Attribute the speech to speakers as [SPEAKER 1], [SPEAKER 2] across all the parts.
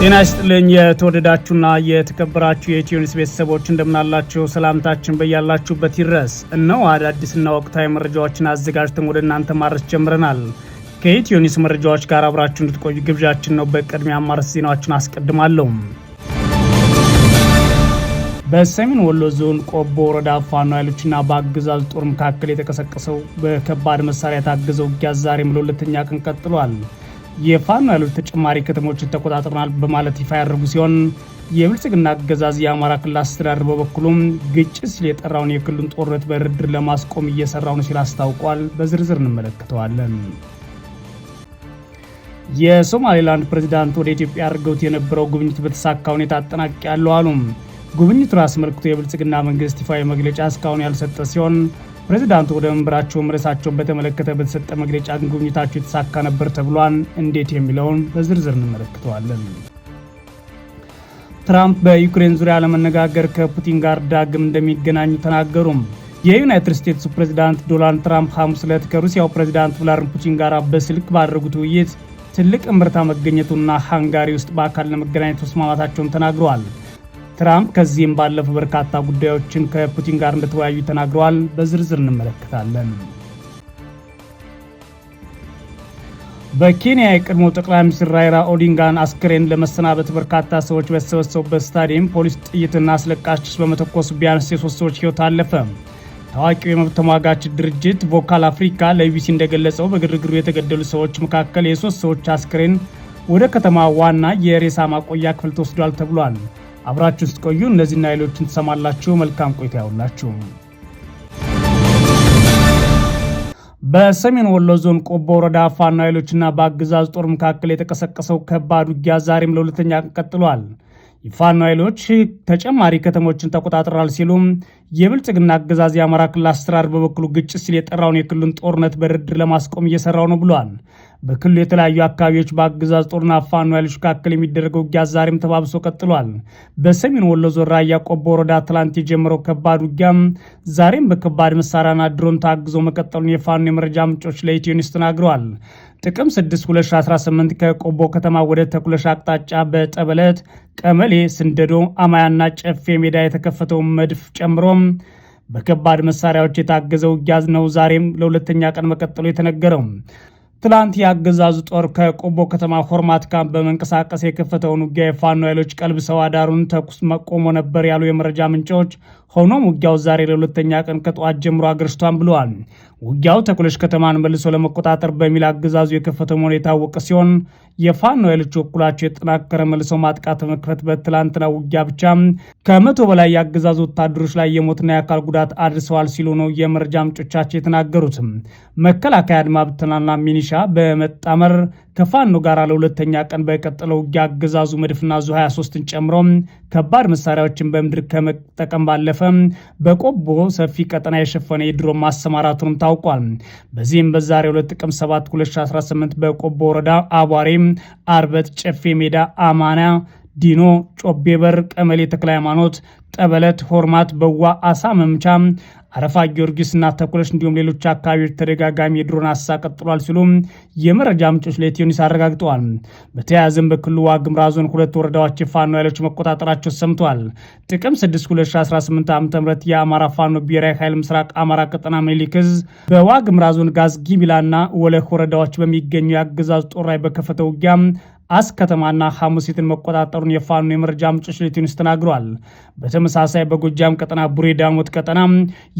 [SPEAKER 1] ጤና ይስጥልኝ የተወደዳችሁና የተከበራችሁ የኢትዮኒስ ቤተሰቦች እንደምናላችሁ ሰላምታችን በያላችሁበት ይድረስ። እነሆ አዳዲስና ወቅታዊ መረጃዎችን አዘጋጅተን ወደ እናንተ ማድረስ ጀምረናል። ከኢትዮኒስ መረጃዎች ጋር አብራችሁ እንድትቆዩ ግብዣችን ነው። በቅድሚያ ማርስ ዜናዎችን አስቀድማለሁ። በሰሜን ወሎ ዞን ቆቦ ወረዳ ፋኖ ኃይሎችና በአገዛዙ ጦር መካከል የተቀሰቀሰው በከባድ መሳሪያ የታገዘው ውጊያ ዛሬም ለሁለተኛ ቀን ቀጥሏል። የፋኖ ያሉት ተጨማሪ ከተሞችን ተቆጣጥረናል በማለት ይፋ ያደርጉ ሲሆን የብልጽግና አገዛዝ የአማራ ክልል አስተዳደር በበኩሉም ግጭት ሲል የጠራውን የክልሉን ጦርነት በድርድር ለማስቆም እየሰራው ነው ሲል አስታውቋል። በዝርዝር እንመለከተዋለን። የሶማሌላንድ ፕሬዚዳንት ወደ ኢትዮጵያ አድርገውት የነበረው ጉብኝት በተሳካ ሁኔታ አጠናቅ ያለው ጉብኝቱን አስመልክቶ የብልጽግና መንግስት ይፋዊ መግለጫ እስካሁን ያልሰጠ ሲሆን ፕሬዚዳንቱ ወደ መንበራቸው መመለሳቸውን በተመለከተ በተሰጠ መግለጫ ጉብኝታቸው የተሳካ ነበር ተብሏል። እንዴት የሚለውን በዝርዝር እንመለከተዋለን። ትራምፕ በዩክሬን ዙሪያ ለመነጋገር ከፑቲን ጋር ዳግም እንደሚገናኙ ተናገሩም። የዩናይትድ ስቴትሱ ፕሬዚዳንት ዶናልድ ትራምፕ ሐሙስ ዕለት ከሩሲያው ፕሬዚዳንት ቭላድሚር ፑቲን ጋር በስልክ ባደረጉት ውይይት ትልቅ እምርታ መገኘቱና ሃንጋሪ ውስጥ በአካል ለመገናኘት መስማማታቸውን ተናግረዋል። ትራምፕ ከዚህም ባለፉ በርካታ ጉዳዮችን ከፑቲን ጋር እንደተወያዩ ተናግረዋል። በዝርዝር እንመለከታለን። በኬንያ የቀድሞ ጠቅላይ ሚኒስትር ራይራ ኦዲንጋን አስክሬን ለመሰናበት በርካታ ሰዎች በተሰበሰቡበት ስታዲየም ፖሊስ ጥይትና አስለቃሽ ጭስ በመተኮስ ቢያንስ የሶስት ሰዎች ህይወት አለፈ። ታዋቂው የመብት ተሟጋች ድርጅት ቮካል አፍሪካ ለቢቢሲ እንደገለጸው በግርግሩ የተገደሉ ሰዎች መካከል የሶስት ሰዎች አስክሬን ወደ ከተማ ዋና የሬሳ ማቆያ ክፍል ተወስዷል ተብሏል። አብራችሁ ስትቆዩ እነዚህና ሌሎችን ትሰማላችሁ። መልካም ቆይታ ያውላችሁ። በሰሜን ወሎ ዞን ቆቦ ወረዳ ፋኖ ኃይሎችና በአገዛዝ ጦር መካከል የተቀሰቀሰው ከባድ ውጊያ ዛሬም ለሁለተኛ ቀን ቀጥሏል። የፋኖ ኃይሎች ተጨማሪ ከተሞችን ተቆጣጥረዋል ሲሉም የብልጽግና አገዛዝ የአማራ ክልል አስተዳደር በበኩሉ ግጭት ሲል የጠራውን የክልሉን ጦርነት በድርድር ለማስቆም እየሰራው ነው ብሏል። በክልሉ የተለያዩ አካባቢዎች በአገዛዝ ጦርና ፋኖ ኃይሎች መካከል የሚደረገው ውጊያ ዛሬም ተባብሶ ቀጥሏል። በሰሜን ወሎ ዞን ራያ ቆቦ ወረዳ ትላንት የጀመረው ከባድ ውጊያ ዛሬም በከባድ መሳሪያና ድሮን ታግዞ መቀጠሉን የፋኖ የመረጃ ምንጮች ለኢትዮ ኒውስ ተናግረዋል። ጥቅም 6 2018 ከቆቦ ከተማ ወደ ተኩለሽ አቅጣጫ በጠበለት ቀመሌ፣ ስንደዶ፣ አማያና ጨፌ ሜዳ የተከፈተው መድፍ ጨምሮም በከባድ መሳሪያዎች የታገዘ ውጊያ ነው ዛሬም ለሁለተኛ ቀን መቀጠሉ የተነገረው። ትላንት የአገዛዙ ጦር ከቆቦ ከተማ ሆርማት ካምፕ በመንቀሳቀስ የከፈተውን ውጊያ የፋኖ ኃይሎች ቀልብ ሰው አዳሩን ተኩስ መቆሞ ነበር ያሉ የመረጃ ምንጮች ሆኖም ውጊያው ዛሬ ለሁለተኛ ቀን ከጠዋት ጀምሮ አገርሽቷን ብለዋል። ውጊያው ተኩለሽ ከተማን መልሶ ለመቆጣጠር በሚል አገዛዙ የከፈተ መሆኑ የታወቀ ሲሆን የፋኖ ኃይሎች በኩላቸው የጠናከረ መልሶ ማጥቃት በመክፈት በትላንትና ውጊያ ብቻ ከመቶ በላይ የአገዛዙ ወታደሮች ላይ የሞትና የአካል ጉዳት አድርሰዋል ሲሉ ነው የመረጃ ምንጮቻቸው የተናገሩት። መከላከያ አድማ ብተናና ሚኒሻ በመጣመር ከፋኖ ጋር ለሁለተኛ ቀን በቀጠለው ውጊያ አገዛዙ መድፍና ዙ 23ን ጨምሮ ከባድ መሳሪያዎችን በምድር ከመጠቀም ባለፈ በቆቦ ሰፊ ቀጠና የሸፈነ የድሮን ማሰማራቱንም ታውቋል። በዚህም በዛሬ 2 ጥቅምት 7 2018 በቆቦ ወረዳ አቧሬ፣ አርበት፣ ጨፌ ሜዳ፣ አማና ዲኖ ጮቤበር ቀመሌ ተክለ ሃይማኖት፣ ጠበለት፣ ሆርማት፣ በዋ አሳ መምቻ፣ አረፋ ጊዮርጊስና ተኩለሽ እንዲሁም ሌሎች አካባቢዎች ተደጋጋሚ የድሮን አሳ ቀጥሏል ሲሉም የመረጃ ምንጮች ለኢትዮኒስ አረጋግጠዋል። በተያያዘም በክልሉ ዋግምራ ዞን ሁለት ወረዳዎች የፋኖ ኃይሎች መቆጣጠራቸው ሰምተዋል። ጥቅም 6 2018 ዓ ም የአማራ ፋኖ ብሔራዊ ኃይል ምስራቅ አማራ ቀጠና ሜሊክዝ በዋግምራ ዞን ጋዝ ጊቢላና ወለህ ወረዳዎች በሚገኙ የአገዛዝ ጦር ላይ በከፈተው አስ ከተማና ሐሙሲትን መቆጣጠሩን የፋኖ የመረጃ ምንጮች ለኢትዮኒውስ ተናግረዋል። በተመሳሳይ በጎጃም ቀጠና ቡሬ ዳሞት ቀጠና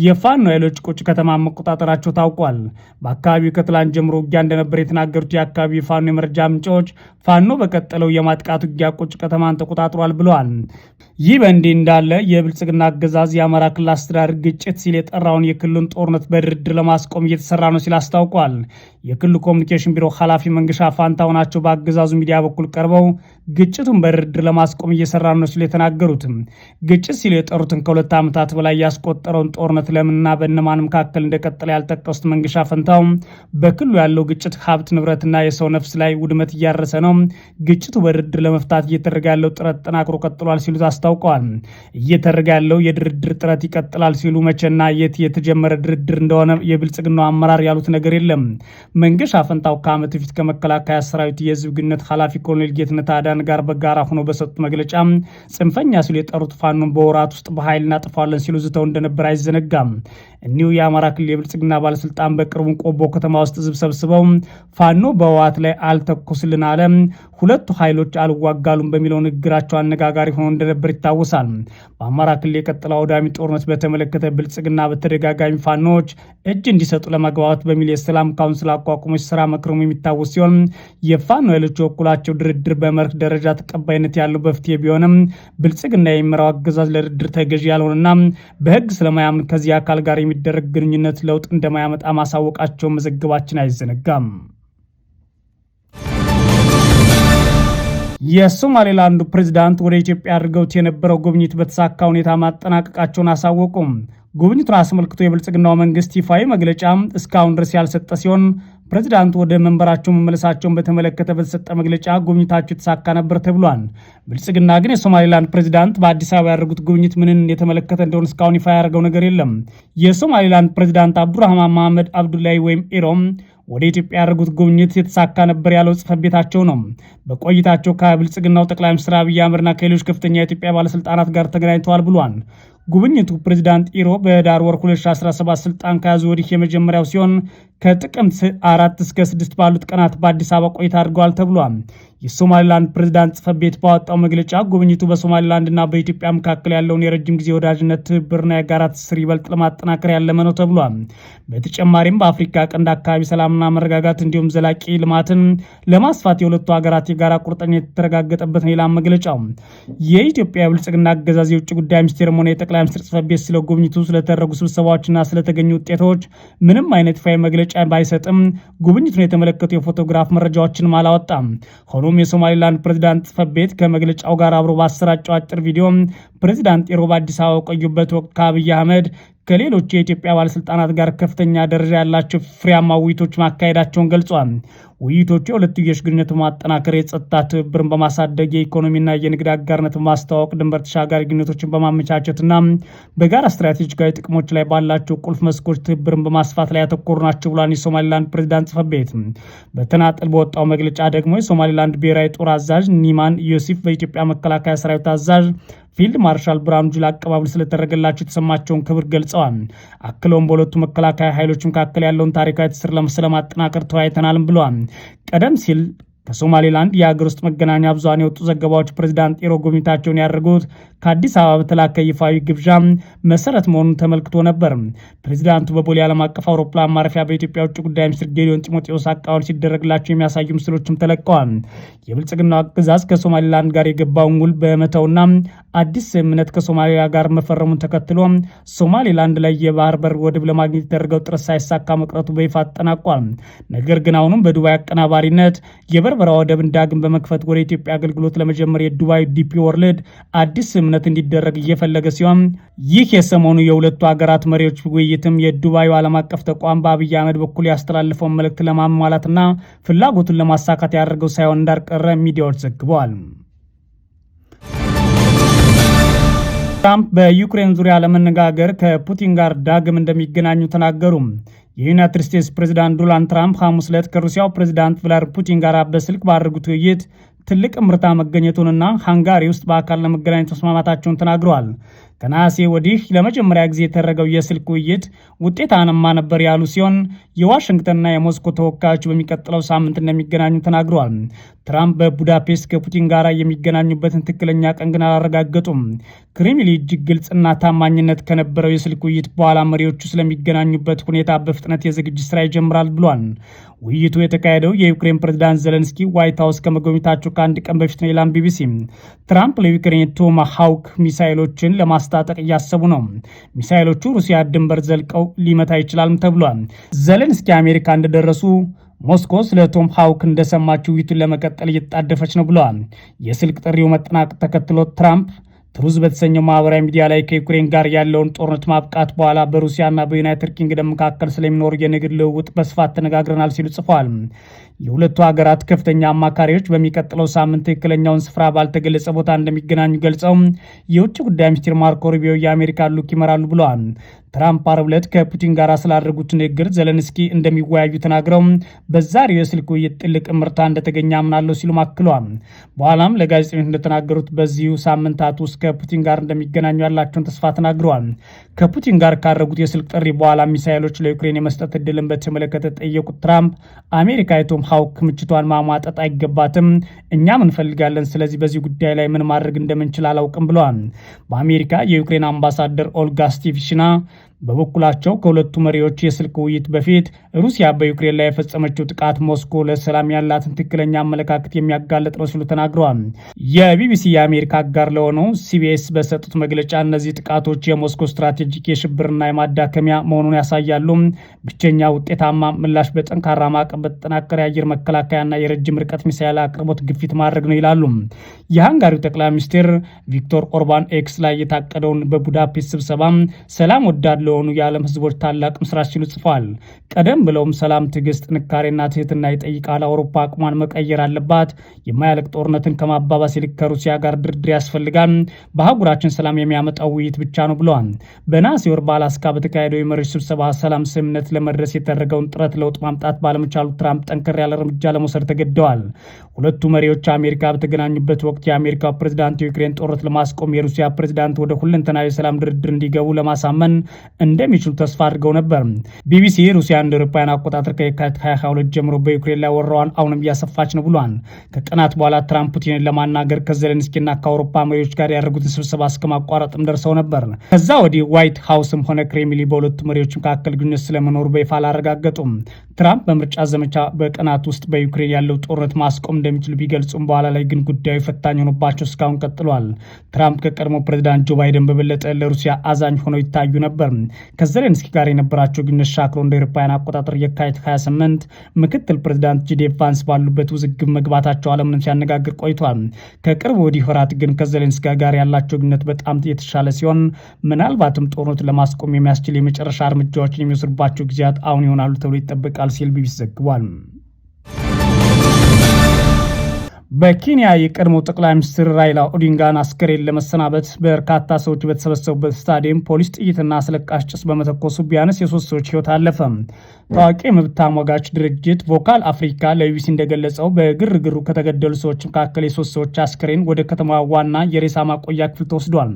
[SPEAKER 1] የፋኖ ኃይሎች ቁጭ ከተማ መቆጣጠራቸው ታውቋል። በአካባቢው ከትላንት ጀምሮ ውጊያ እንደነበር የተናገሩት የአካባቢው የፋኖ የመረጃ ምንጮች ፋኖ በቀጠለው የማጥቃት ውጊያ ቁጭ ከተማን ተቆጣጥሯል ብለዋል። ይህ በእንዲህ እንዳለ የብልጽግና አገዛዝ የአማራ ክልል አስተዳደር ግጭት ሲል የጠራውን የክልሉን ጦርነት በድርድር ለማስቆም እየተሰራ ነው ሲል አስታውቋል። የክልሉ ኮሚኒኬሽን ቢሮ ኃላፊ መንገሻ ፋንታው ናቸው በአገዛዙ ሚዲያ በኩል ቀርበው ግጭቱን በድርድር ለማስቆም እየሰራ ነው ሲሉ የተናገሩትም ግጭት ሲሉ የጠሩትን ከሁለት ዓመታት በላይ ያስቆጠረውን ጦርነት ለምንና በእነማን መካከል እንደቀጠለ ያልጠቀሱት መንግሻ ፈንታው በክልሉ ያለው ግጭት ሀብት ንብረትና የሰው ነፍስ ላይ ውድመት እያረሰ ነው፣ ግጭቱ በድርድር ለመፍታት እየተደረገ ያለው ጥረት ጠናክሮ ቀጥሏል ሲሉ አስታውቀዋል። እየተደረገ ያለው የድርድር ጥረት ይቀጥላል ሲሉ መቼና የት የተጀመረ ድርድር እንደሆነ የብልጽግናው አመራር ያሉት ነገር የለም። መንገሻ ፈንታው ከዓመት በፊት ከመከላከያ ሰራዊት የህዝብ ግንኙነት ኃላፊ ኮሎኔል ጌትነት አዳ ከጣሊያን ጋር በጋራ ሆኖ በሰጡት መግለጫ ጽንፈኛ ሲሉ የጠሩት ፋኖን በወራት ውስጥ በኃይል እናጥፋለን ሲሉ ዝተው እንደነበር አይዘነጋም። እኒሁ የአማራ ክልል የብልጽግና ባለስልጣን በቅርቡን ቆቦ ከተማ ውስጥ ህዝብ ሰብስበው ፋኖ በህወሓት ላይ አልተኩስልን አለ፣ ሁለቱ ኃይሎች አልዋጋሉም በሚለው ንግግራቸው አነጋጋሪ ሆኖ እንደነበር ይታወሳል። በአማራ ክልል የቀጠለው አውዳሚ ጦርነት በተመለከተ ብልጽግና በተደጋጋሚ ፋኖዎች እጅ እንዲሰጡ ለመግባባት በሚል የሰላም ካውንስል አቋቁሞች ስራ መክረሙ የሚታወስ ሲሆን የፋኖ ኃይሎች የበኩላቸው ድርድር በመርህ ደረጃ ተቀባይነት ያለው በፍትሄ ቢሆንም ብልጽግና የሚመራው አገዛዝ ለድርድር ተገዥ ያልሆነና በህግ ስለማያምን ከዚህ አካል ጋር የሚደረግ ግንኙነት ለውጥ እንደማያመጣ ማሳወቃቸው መዘገባችን አይዘነጋም። የሶማሌላንዱ ፕሬዚዳንት ወደ ኢትዮጵያ አድርገውት የነበረው ጉብኝት በተሳካ ሁኔታ ማጠናቀቃቸውን አሳወቁም። ጉብኝቱን አስመልክቶ የብልጽግናው መንግስት ይፋዊ መግለጫ እስካሁን ድረስ ያልሰጠ ሲሆን ፕሬዚዳንቱ ወደ መንበራቸው መመለሳቸውን በተመለከተ በተሰጠ መግለጫ ጉብኝታቸው የተሳካ ነበር ተብሏል። ብልጽግና ግን የሶማሌላንድ ፕሬዚዳንት በአዲስ አበባ ያደረጉት ጉብኝት ምንን የተመለከተ እንደሆነ እስካሁን ይፋ ያደርገው ነገር የለም። የሶማሌላንድ ፕሬዚዳንት አብዱራህማን መሐመድ አብዱላይ ወይም ኢሮም ወደ ኢትዮጵያ ያደረጉት ጉብኝት የተሳካ ነበር ያለው ጽህፈት ቤታቸው ነው። በቆይታቸው ከብልጽግናው ጠቅላይ ሚኒስትር አብይ አህመድና ከሌሎች ከፍተኛ የኢትዮጵያ ባለስልጣናት ጋር ተገናኝተዋል ብሏል። ጉብኝቱ ፕሬዚዳንት ኢሮ በዳር ወር 2017 ስልጣን ከያዙ ወዲህ የመጀመሪያው ሲሆን ከጥቅምት አራት እስከ ስድስት ባሉት ቀናት በአዲስ አበባ ቆይታ አድርገዋል ተብሏል። የሶማሊላንድ ፕሬዚዳንት ጽፈት ቤት ባወጣው መግለጫ ጉብኝቱ በሶማሊላንድና በኢትዮጵያ መካከል ያለውን የረጅም ጊዜ ወዳጅነት ትብብርና የጋራ ትስስር ይበልጥ ለማጠናከር ያለመ ነው ተብሏል። በተጨማሪም በአፍሪካ ቀንድ አካባቢ ሰላምና መረጋጋት እንዲሁም ዘላቂ ልማትን ለማስፋት የሁለቱ ሀገራት የጋራ ቁርጠኛ የተረጋገጠበት ላ መግለጫው። የኢትዮጵያ የብልጽግና አገዛዝ የውጭ ጉዳይ ሚኒስቴርም ሆነ የጠቅላይ ጠቅላይ ሚኒስትር ጽህፈት ቤት ስለ ጉብኝቱ ስለተደረጉ ስብሰባዎችና ስለተገኙ ውጤቶች ምንም አይነት ይፋዊ መግለጫ ባይሰጥም ጉብኝቱን የተመለከቱ የፎቶግራፍ መረጃዎችንም አላወጣም። ሆኖም የሶማሌላንድ ፕሬዚዳንት ጽህፈት ቤት ከመግለጫው ጋር አብሮ ባሰራጨው አጭር ቪዲዮ ፕሬዚዳንት ኢሮብ አዲስ አበባ ቆዩበት ወቅት ከአብይ አህመድ ከሌሎች የኢትዮጵያ ባለስልጣናት ጋር ከፍተኛ ደረጃ ያላቸው ፍሬያማ ውይይቶች ማካሄዳቸውን ገልጿል። ውይይቶቹ የሁለትዮሽ ግንኙነትን ማጠናከር፣ የጸጥታ ትብብርን በማሳደግ የኢኮኖሚና የንግድ አጋርነት በማስተዋወቅ ድንበር ተሻጋሪ ግንኙነቶችን በማመቻቸትና በጋራ ስትራቴጂካዊ ጥቅሞች ላይ ባላቸው ቁልፍ መስኮች ትብብርን በማስፋት ላይ ያተኮሩ ናቸው ብሏል። የሶማሌላንድ ፕሬዚዳንት ጽፈት ቤት በተናጠል በወጣው መግለጫ ደግሞ የሶማሌላንድ ብሔራዊ ጦር አዛዥ ኒማን ዮሲፍ በኢትዮጵያ መከላከያ ሰራዊት አዛዥ ፊልድ ማርሻል ብርሃኑ ጁላ አቀባበል ስለተደረገላቸው የተሰማቸውን ክብር ገልጸዋል። አክለውም በሁለቱ መከላከያ ኃይሎች መካከል ያለውን ታሪካዊ ትስስር ስለማጠናከር ተወያይተናልም ብለዋል። قدم سيل ከሶማሌላንድ የሀገር ውስጥ መገናኛ ብዙሃን የወጡ ዘገባዎች ፕሬዚዳንት ጤሮ ጉብኝታቸውን ያደርጉት ከአዲስ አበባ በተላከ ይፋዊ ግብዣ መሰረት መሆኑን ተመልክቶ ነበር። ፕሬዚዳንቱ በቦሌ ዓለም አቀፍ አውሮፕላን ማረፊያ በኢትዮጵያ ውጭ ጉዳይ ሚኒስትር ጌዲዮን ጢሞቴዎስ አቀባበል ሲደረግላቸው የሚያሳዩ ምስሎችም ተለቀዋል። የብልጽግናው አገዛዝ ከሶማሌላንድ ጋር የገባውን ውል በመተውና አዲስ ስምምነት ከሶማሊያ ጋር መፈረሙን ተከትሎ ሶማሌላንድ ላይ የባህር በር ወደብ ለማግኘት የተደረገው ጥረት ሳይሳካ መቅረቱ በይፋ አጠናቋል። ነገር ግን አሁንም በዱባይ አቀናባሪነት የበር በርበራ ወደብን ዳግም በመክፈት ወደ ኢትዮጵያ አገልግሎት ለመጀመር የዱባይ ዲፒ ወርልድ አዲስ ስምምነት እንዲደረግ እየፈለገ ሲሆን ይህ የሰሞኑ የሁለቱ ሀገራት መሪዎች ውይይትም የዱባዩ ዓለም አቀፍ ተቋም በአብይ አህመድ በኩል ያስተላልፈውን መልእክት ለማሟላትና ፍላጎቱን ለማሳካት ያደርገው ሳይሆን እንዳልቀረ ሚዲያዎች ዘግበዋል። ትራምፕ በዩክሬን ዙሪያ ለመነጋገር ከፑቲን ጋር ዳግም እንደሚገናኙ ተናገሩ። የዩናይትድ ስቴትስ ፕሬዚዳንት ዶናልድ ትራምፕ ሐሙስ ዕለት ከሩሲያው ፕሬዚዳንት ቭላድሚር ፑቲን ጋር በስልክ ባደረጉት ውይይት ትልቅ ምርታ መገኘቱንና ሃንጋሪ ውስጥ በአካል ለመገናኘት መስማማታቸውን ተናግረዋል። ከነሐሴ ወዲህ ለመጀመሪያ ጊዜ የተደረገው የስልክ ውይይት ውጤታማ ነበር ያሉ ሲሆን የዋሽንግተንና የሞስኮ ተወካዮች በሚቀጥለው ሳምንት እንደሚገናኙ ተናግረዋል። ትራምፕ በቡዳፔስት ከፑቲን ጋር የሚገናኙበትን ትክክለኛ ቀን ግን አላረጋገጡም። ክሬምሊን እጅግ ግልጽና ታማኝነት ከነበረው የስልክ ውይይት በኋላ መሪዎቹ ስለሚገናኙበት ሁኔታ በፍጥነት የዝግጅት ስራ ይጀምራል ብሏል። ውይይቱ የተካሄደው የዩክሬን ፕሬዚዳንት ዘለንስኪ ዋይት ሀውስ ከመጎብኘታቸው ከአንድ ቀን በፊት ነው ይላል ቢቢሲ። ትራምፕ ለዩክሬን ቶማሃውክ ሚሳይሎችን ለማስ ለማስታጠቅ እያሰቡ ነው። ሚሳይሎቹ ሩሲያ ድንበር ዘልቀው ሊመታ ይችላልም ተብሏል። ዘለንስኪ አሜሪካ እንደደረሱ ሞስኮ ስለ ቶም ሃውክ እንደሰማችው ውይይቱን ለመቀጠል እየተጣደፈች ነው ብለዋል። የስልክ ጥሪው መጠናቀቅ ተከትሎ ትራምፕ ትሩዝ በተሰኘው ማህበራዊ ሚዲያ ላይ ከዩክሬን ጋር ያለውን ጦርነት ማብቃት በኋላ በሩሲያና በዩናይትድ ኪንግደም መካከል ስለሚኖሩ የንግድ ልውውጥ በስፋት ተነጋግረናል ሲሉ ጽፏል። የሁለቱ ሀገራት ከፍተኛ አማካሪዎች በሚቀጥለው ሳምንት ትክክለኛውን ስፍራ ባልተገለጸ ቦታ እንደሚገናኙ ገልጸው የውጭ ጉዳይ ሚኒስትር ማርኮ ሩቢዮ የአሜሪካ ልዑክ ይመራሉ ብለዋል። ትራምፕ አርብ ዕለት ከፑቲን ጋር ስላደረጉት ንግግር ዘለንስኪ እንደሚወያዩ ተናግረው በዛሬው የስልክ ውይይት ጥልቅ ምርታ እንደተገኘ አምናለሁ ሲሉም አክለዋል። በኋላም ለጋዜጠኞች እንደተናገሩት በዚሁ ሳምንታት ውስጥ ከፑቲን ጋር እንደሚገናኙ ያላቸውን ተስፋ ተናግረዋል። ከፑቲን ጋር ካረጉት የስልክ ጥሪ በኋላ ሚሳይሎች ለዩክሬን የመስጠት እድልን በተመለከተ ጠየቁት ትራምፕ አሜሪካ የቶም ሀውክ ክምችቷን ማሟጠጥ አይገባትም፣ እኛም እንፈልጋለን። ስለዚህ በዚህ ጉዳይ ላይ ምን ማድረግ እንደምንችል አላውቅም ብለዋል። በአሜሪካ የዩክሬን አምባሳደር ኦልጋ ስቲቭሽና በበኩላቸው ከሁለቱ መሪዎች የስልክ ውይይት በፊት ሩሲያ በዩክሬን ላይ የፈጸመችው ጥቃት ሞስኮ ለሰላም ያላትን ትክክለኛ አመለካከት የሚያጋለጥ ነው ሲሉ ተናግረዋል። የቢቢሲ የአሜሪካ አጋር ለሆነው ሲቢኤስ በሰጡት መግለጫ እነዚህ ጥቃቶች የሞስኮ ስትራቴጂክ የሽብርና የማዳከሚያ መሆኑን ያሳያሉ። ብቸኛ ውጤታማ ምላሽ በጠንካራ ማዕቀብ፣ በተጠናከረ የአየር መከላከያና የረጅም ርቀት ሚሳይል አቅርቦት ግፊት ማድረግ ነው ይላሉ። የሃንጋሪው ጠቅላይ ሚኒስትር ቪክቶር ኦርባን ኤክስ ላይ የታቀደውን በቡዳፔስት ስብሰባ ሰላም ወዳድ ለሆኑ የዓለም ህዝቦች ታላቅ ምስራች ሲሉ ጽፏል። ቀደም ብለውም ሰላም፣ ትዕግስት፣ ጥንካሬና ትህትና ይጠይቃል። አውሮፓ አቅሟን መቀየር አለባት። የማያልቅ ጦርነትን ከማባባስ ይልቅ ከሩሲያ ጋር ድርድር ያስፈልጋል። በአህጉራችን ሰላም የሚያመጣው ውይይት ብቻ ነው ብለዋል። በነሐሴ ወር በአላስካ በተካሄደው የመሪዎች ስብሰባ ሰላም ስምምነት ለመድረስ የተደረገውን ጥረት ለውጥ ማምጣት ባለመቻሉ ትራምፕ ጠንከር ያለ እርምጃ ለመውሰድ ተገደዋል። ሁለቱ መሪዎች አሜሪካ በተገናኙበት ወቅት የአሜሪካ ፕሬዚዳንት የዩክሬን ጦርነት ለማስቆም የሩሲያ ፕሬዚዳንት ወደ ሁለንተናዊ ሰላም ድርድር እንዲገቡ ለማሳመን እንደሚችሉ ተስፋ አድርገው ነበር። ቢቢሲ ሩሲያ እንደ አውሮፓውያን አቆጣጠር ከየካቲት 22 ጀምሮ በዩክሬን ላይ ወረዋን አሁንም እያሰፋች ነው ብሏል። ከቀናት በኋላ ትራምፕ ፑቲንን ለማናገር ከዘለንስኪና ከአውሮፓ መሪዎች ጋር ያደርጉትን ስብሰባ እስከ ማቋረጥም ደርሰው ነበር። ከዛ ወዲህ ዋይት ሀውስም ሆነ ክሬምሊ በሁለቱ መሪዎች መካከል ግንኙነት ስለመኖሩ በይፋ አላረጋገጡም። ትራምፕ በምርጫ ዘመቻ በቀናት ውስጥ በዩክሬን ያለው ጦርነት ማስቆም እንደሚችሉ ቢገልጹም በኋላ ላይ ግን ጉዳዩ ፈታኝ ሆኖባቸው እስካሁን ቀጥሏል። ትራምፕ ከቀድሞ ፕሬዚዳንት ጆ ባይደን በበለጠ ለሩሲያ አዛኝ ሆነው ይታዩ ነበር። ከዘሌንስኪ ጋር የነበራቸው ግንኙነት ሻክሮ እንደ ኤሮፓውያን አቆጣጠር የካቲት 28 ምክትል ፕሬዚዳንት ጄዲ ቫንስ ባሉበት ውዝግብ መግባታቸው ዓለምንም ሲያነጋግር ቆይቷል። ከቅርብ ወዲህ ወራት ግን ከዘሌንስኪ ጋር ያላቸው ግንኙነት በጣም የተሻለ ሲሆን ምናልባትም ጦርነት ለማስቆም የሚያስችል የመጨረሻ እርምጃዎችን የሚወስድባቸው ጊዜያት አሁን ይሆናሉ ተብሎ ይጠበቃል። ይችላል ሲል ቢቢሲ ዘግቧል። በኬንያ የቀድሞ ጠቅላይ ሚኒስትር ራይላ ኦዲንጋን አስከሬን ለመሰናበት በርካታ ሰዎች በተሰበሰቡበት ስታዲየም ፖሊስ ጥይትና አስለቃሽ ጭስ በመተኮሱ ቢያንስ የሶስት ሰዎች ህይወት አለፈ። ታዋቂ የመብት ተሟጋች ድርጅት ቮካል አፍሪካ ለቢቢሲ እንደገለጸው በግርግሩ ከተገደሉ ሰዎች መካከል የሶስት ሰዎች አስከሬን ወደ ከተማ ዋና የሬሳ ማቆያ ክፍል ተወስዷል።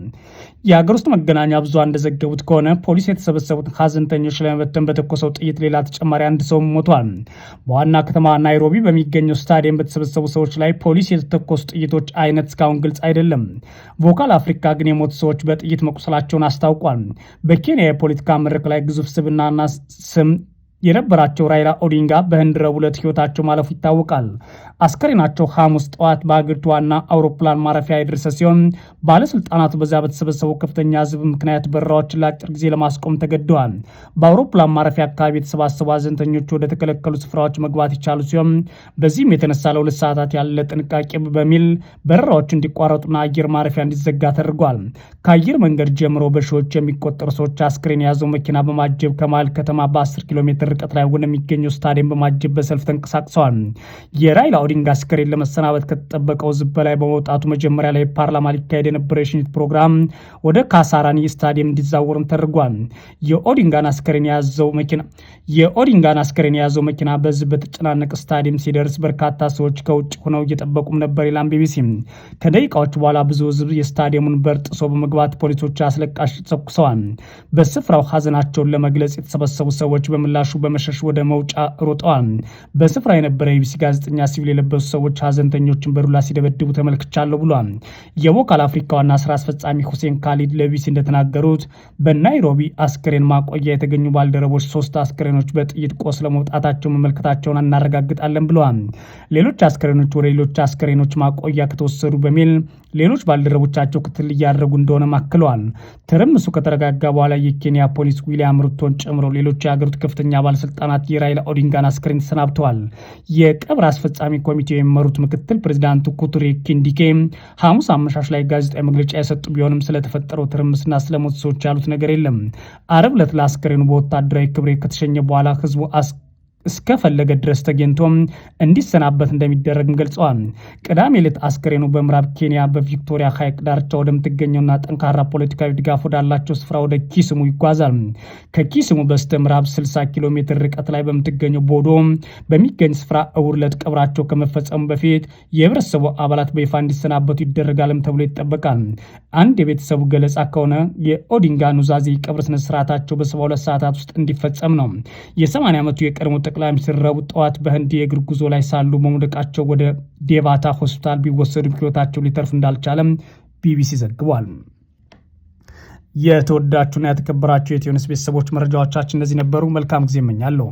[SPEAKER 1] የሀገር ውስጥ መገናኛ ብዙሃን እንደዘገቡት ከሆነ ፖሊስ የተሰበሰቡት ሀዘንተኞች ለመበተን በተኮሰው ጥይት ሌላ ተጨማሪ አንድ ሰው ሞቷል። በዋና ከተማ ናይሮቢ በሚገኘው ስታዲየም በተሰበሰቡ ሰዎች ላይ ፖሊስ የተተኮሱ ጥይቶች አይነት እስካሁን ግልጽ አይደለም። ቮካል አፍሪካ ግን የሞቱ ሰዎች በጥይት መቁሰላቸውን አስታውቋል። በኬንያ የፖለቲካ መድረክ ላይ ግዙፍ ስብናና ስም የነበራቸው ራይላ ኦዲንጋ በህንድ ረቡዕ ዕለት ህይወታቸው ማለፉ ይታወቃል። አስከሬናቸው ሐሙስ ጠዋት በአገሪቱ ዋና አውሮፕላን ማረፊያ የደረሰ ሲሆን ባለስልጣናቱ በዚያ በተሰበሰቡ ከፍተኛ ህዝብ ምክንያት በረራዎችን ለአጭር ጊዜ ለማስቆም ተገደዋል። በአውሮፕላን ማረፊያ አካባቢ የተሰባሰቡ አዘንተኞቹ ወደ ተከለከሉ ስፍራዎች መግባት የቻሉ ሲሆን በዚህም የተነሳ ለሁለት ሰዓታት ያለ ጥንቃቄ በሚል በረራዎች እንዲቋረጡና አየር ማረፊያ እንዲዘጋ ተደርጓል። ከአየር መንገድ ጀምሮ በሺዎች የሚቆጠሩ ሰዎች አስክሬን የያዘው መኪና በማጀብ ከመሃል ከተማ በ10 ኪሎ ሜትር ርቀት ላይ ወደሚገኘው ስታዲየም በማጀብ በሰልፍ ተንቀሳቅሰዋል። የራይል ኦዲንግ አስከሬን ለመሰናበት ከተጠበቀው ህዝብ በላይ በመውጣቱ መጀመሪያ ላይ ፓርላማ ሊካሄድ የነበረ የሽኝት ፕሮግራም ወደ ካሳራኒ ስታዲየም እንዲዛወርም ተደርጓል። የኦዲንጋን አስከሬን የያዘው መኪና የኦዲንጋን አስከሬን የያዘው መኪና በህዝብ በተጨናነቀ ስታዲየም ሲደርስ በርካታ ሰዎች ከውጭ ሆነው እየጠበቁም ነበር ይላም ቢቢሲ። ከደቂቃዎች በኋላ ብዙ ህዝብ የስታዲየሙን በር ጥሶ በመግባት ፖሊሶች አስለቃሽ ተኩሰዋል። በስፍራው ሀዘናቸውን ለመግለጽ የተሰበሰቡ ሰዎች በምላሹ በመሸሽ ወደ መውጫ ሮጠዋል። በስፍራ የነበረ ቢቢሲ ጋዜጠኛ ሲቪል የለበሱ ሰዎች ሀዘንተኞችን በዱላ ሲደበድቡ ተመልክቻለሁ ብሏል። የቮካል አፍሪካ ዋና ስራ አስፈጻሚ ሁሴን ካሊድ ለቢሲ እንደተናገሩት በናይሮቢ አስክሬን ማቆያ የተገኙ ባልደረቦች ሶስት አስክሬኖች በጥይት ቆስለ መውጣታቸው መመልከታቸውን እናረጋግጣለን ብለዋል። ሌሎች አስክሬኖች ወደ ሌሎች አስክሬኖች ማቆያ ከተወሰዱ በሚል ሌሎች ባልደረቦቻቸው ክትል እያደረጉ እንደሆነ አክለዋል። ትርምሱ ከተረጋጋ በኋላ የኬንያ ፖሊስ ዊሊያም ሩቶን ጨምሮ ሌሎች የሀገሪቱ ከፍተኛ ባለስልጣናት የራይላ ኦዲንጋን አስክሬን ተሰናብተዋል። የቀብር አስፈጻሚ ኮሚቴው የሚመሩት ምክትል ፕሬዚዳንቱ ኩቱሪ ኪንዲኬ ሐሙስ አመሻሽ ላይ ጋዜጣዊ መግለጫ የሰጡ ቢሆንም ስለተፈጠረው ትርምስና ስለሞት ሰዎች ያሉት ነገር የለም። አረብ ዕለት ለአስክሬኑ በወታደራዊ ክብሬ ከተሸኘ በኋላ ህዝቡ እስከፈለገ ድረስ ተገኝቶ እንዲሰናበት እንደሚደረግም ገልጸዋል። ቅዳሜ ዕለት አስከሬኑ በምዕራብ ኬንያ በቪክቶሪያ ሐይቅ ዳርቻ ወደምትገኘውና ጠንካራ ፖለቲካዊ ድጋፍ ወዳላቸው ስፍራ ወደ ኪስሙ ይጓዛል። ከኪስሙ በስተ ምዕራብ 60 ኪሎ ሜትር ርቀት ላይ በምትገኘው ቦዶ በሚገኝ ስፍራ እውር ዕለት ቀብራቸው ከመፈጸሙ በፊት የህብረተሰቡ አባላት በይፋ እንዲሰናበቱ ይደረጋልም ተብሎ ይጠበቃል። አንድ የቤተሰቡ ገለጻ ከሆነ የኦዲንጋ ኑዛዜ ቀብር ስነስርዓታቸው በሰባ ሁለት ሰዓታት ውስጥ እንዲፈጸም ነው። የ80 ዓመቱ የቀድሞ ጠቅላይ ሚኒስትር ረቡዕ ጠዋት በህንድ የእግር ጉዞ ላይ ሳሉ መውደቃቸው ወደ ዴቫታ ሆስፒታል ቢወሰዱ ህይወታቸው ሊተርፍ እንዳልቻለም ቢቢሲ ዘግቧል። የተወዳችሁና የተከበራችሁ የኢትዮኒውስ ቤተሰቦች መረጃዎቻችን እነዚህ ነበሩ። መልካም ጊዜ እመኛለሁ።